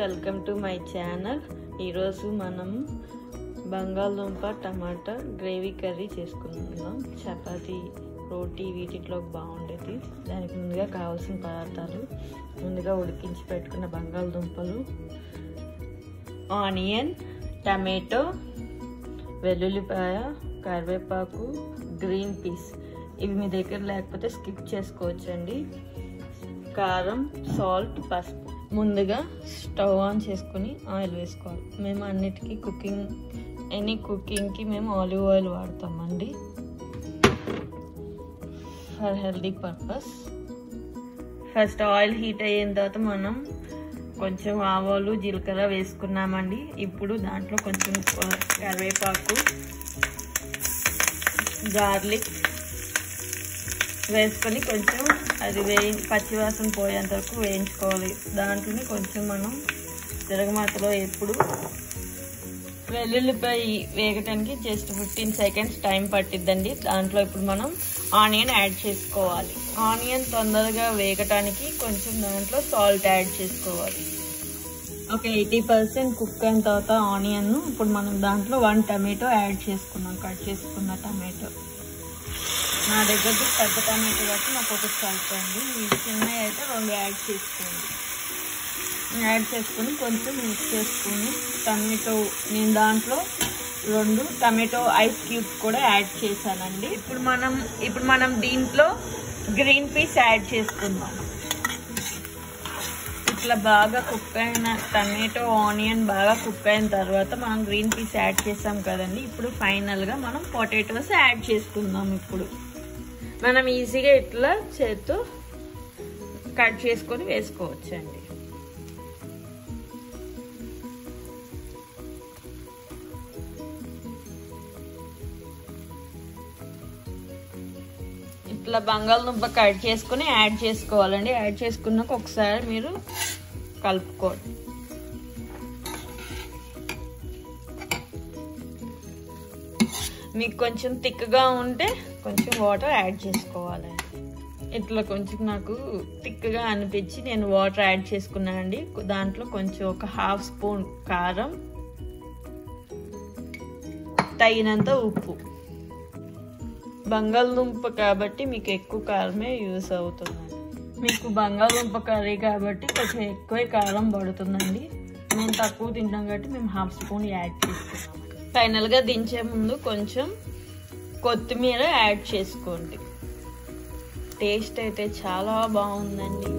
welcome to my channel ఈరోజు మనం బంగాళదుంప టమాటా గ్రేవీ కర్రీ చేసుకుందాం చపాతి రోటీ వీటిలో బాగుండేది దానికి ముందుగా కావాల్సిన పదార్థాలు ముందుగా ఉడికించి పెట్టుకున్న బంగాళదుంపలు ఆనియన్ టమాటో వెల్లుల్లిపాయ కరివేపాకు గ్రీన్ పీస్ ఇవి మీ దగ్గర లేకపోతే స్కిప్ చేసుకోవచ్చండి కారం సాల్ట్ పసుపు ముందుగా స్టవ్ ఆన్ చేసుకొని ఆయిల్ వేసుకోవాలి మేము అన్నిటికీ కుకింగ్ ఎనీ కుకింగ్కి మేము ఆలివ్ ఆయిల్ వాడతామండి for healthy purpose first oil heat అయిన తర్వాత మనం కొంచెం ఆవాలు జీలకర్ర వేసుకున్నామండి ఇప్పుడు దాంట్లో కొంచెం కరివేపాకు గార్లిక్ వేసుకొని కొంచెం అది వేయి పచ్చివాసన పోయేంత వరకు వేయించుకోవాలి దాంట్లో కొంచెం మనం తిరగమాతలో ఎప్పుడు వెల్లుల్లిపాయ వేగటానికి జస్ట్ ఫిఫ్టీన్ సెకండ్స్ టైం పట్టిద్దండి దాంట్లో ఇప్పుడు మనం ఆనియన్ యాడ్ చేసుకోవాలి ఆనియన్ తొందరగా వేగటానికి కొంచెం దాంట్లో సాల్ట్ యాడ్ చేసుకోవాలి ఒక ఎయిటీ పర్సెంట్ కుక్ అయిన తర్వాత ఆనియన్ ఇప్పుడు మనం దాంట్లో వన్ టమాటో యాడ్ చేసుకున్నాం కట్ చేసుకున్న టమాటో నా దగ్గర పెద్ద టమాటో కాబట్టి నాకు ఒకటి సరిపోయింది ఈ చిన్నవి అయితే రెండు యాడ్ చేసుకోండి యాడ్ చేసుకుని కొంచెం మిక్స్ చేసుకుని టమాటో నేను దాంట్లో రెండు టమాటో ఐస్ క్యూబ్ కూడా యాడ్ చేశానండి ఇప్పుడు మనం ఇప్పుడు మనం దీంట్లో గ్రీన్ పీస్ యాడ్ చేసుకుందాం ఇట్లా బాగా కుక్ అయిన టమాటో ఆనియన్ బాగా కుక్ అయిన తర్వాత మనం గ్రీన్ పీస్ యాడ్ చేసాం కదండి ఇప్పుడు ఫైనల్గా మనం పొటాటోస్ యాడ్ చేసుకుందాం ఇప్పుడు మనం ఈజీగా ఇట్లా చేతు కట్ చేసుకొని వేసుకోవచ్చండి ఇట్లా బంగాళదుంప కట్ చేసుకుని యాడ్ చేసుకోవాలండి యాడ్ చేసుకున్నాక ఒకసారి మీరు కలుపుకోండి మీకు కొంచెం థిక్గా ఉంటే కొంచెం వాటర్ యాడ్ చేసుకోవాలండి ఇట్లా కొంచెం నాకు థిక్గా అనిపించి నేను వాటర్ యాడ్ చేసుకున్నాను అండి దాంట్లో కొంచెం ఒక హాఫ్ స్పూన్ కారం తగినంత ఉప్పు బంగాళదుంప కాబట్టి మీకు ఎక్కువ కారమే యూస్ అవుతుందండి మీకు బంగాళదుంప కర్రీ కాబట్టి కొంచెం ఎక్కువ కారం పడుతుందండి మేము తక్కువ తింటాం కాబట్టి మేము హాఫ్ స్పూన్ యాడ్ చేసుకున్నాం ఫైనల్గా దించే ముందు కొంచెం కొత్తిమీర యాడ్ చేసుకోండి టేస్ట్ అయితే చాలా బాగుందండి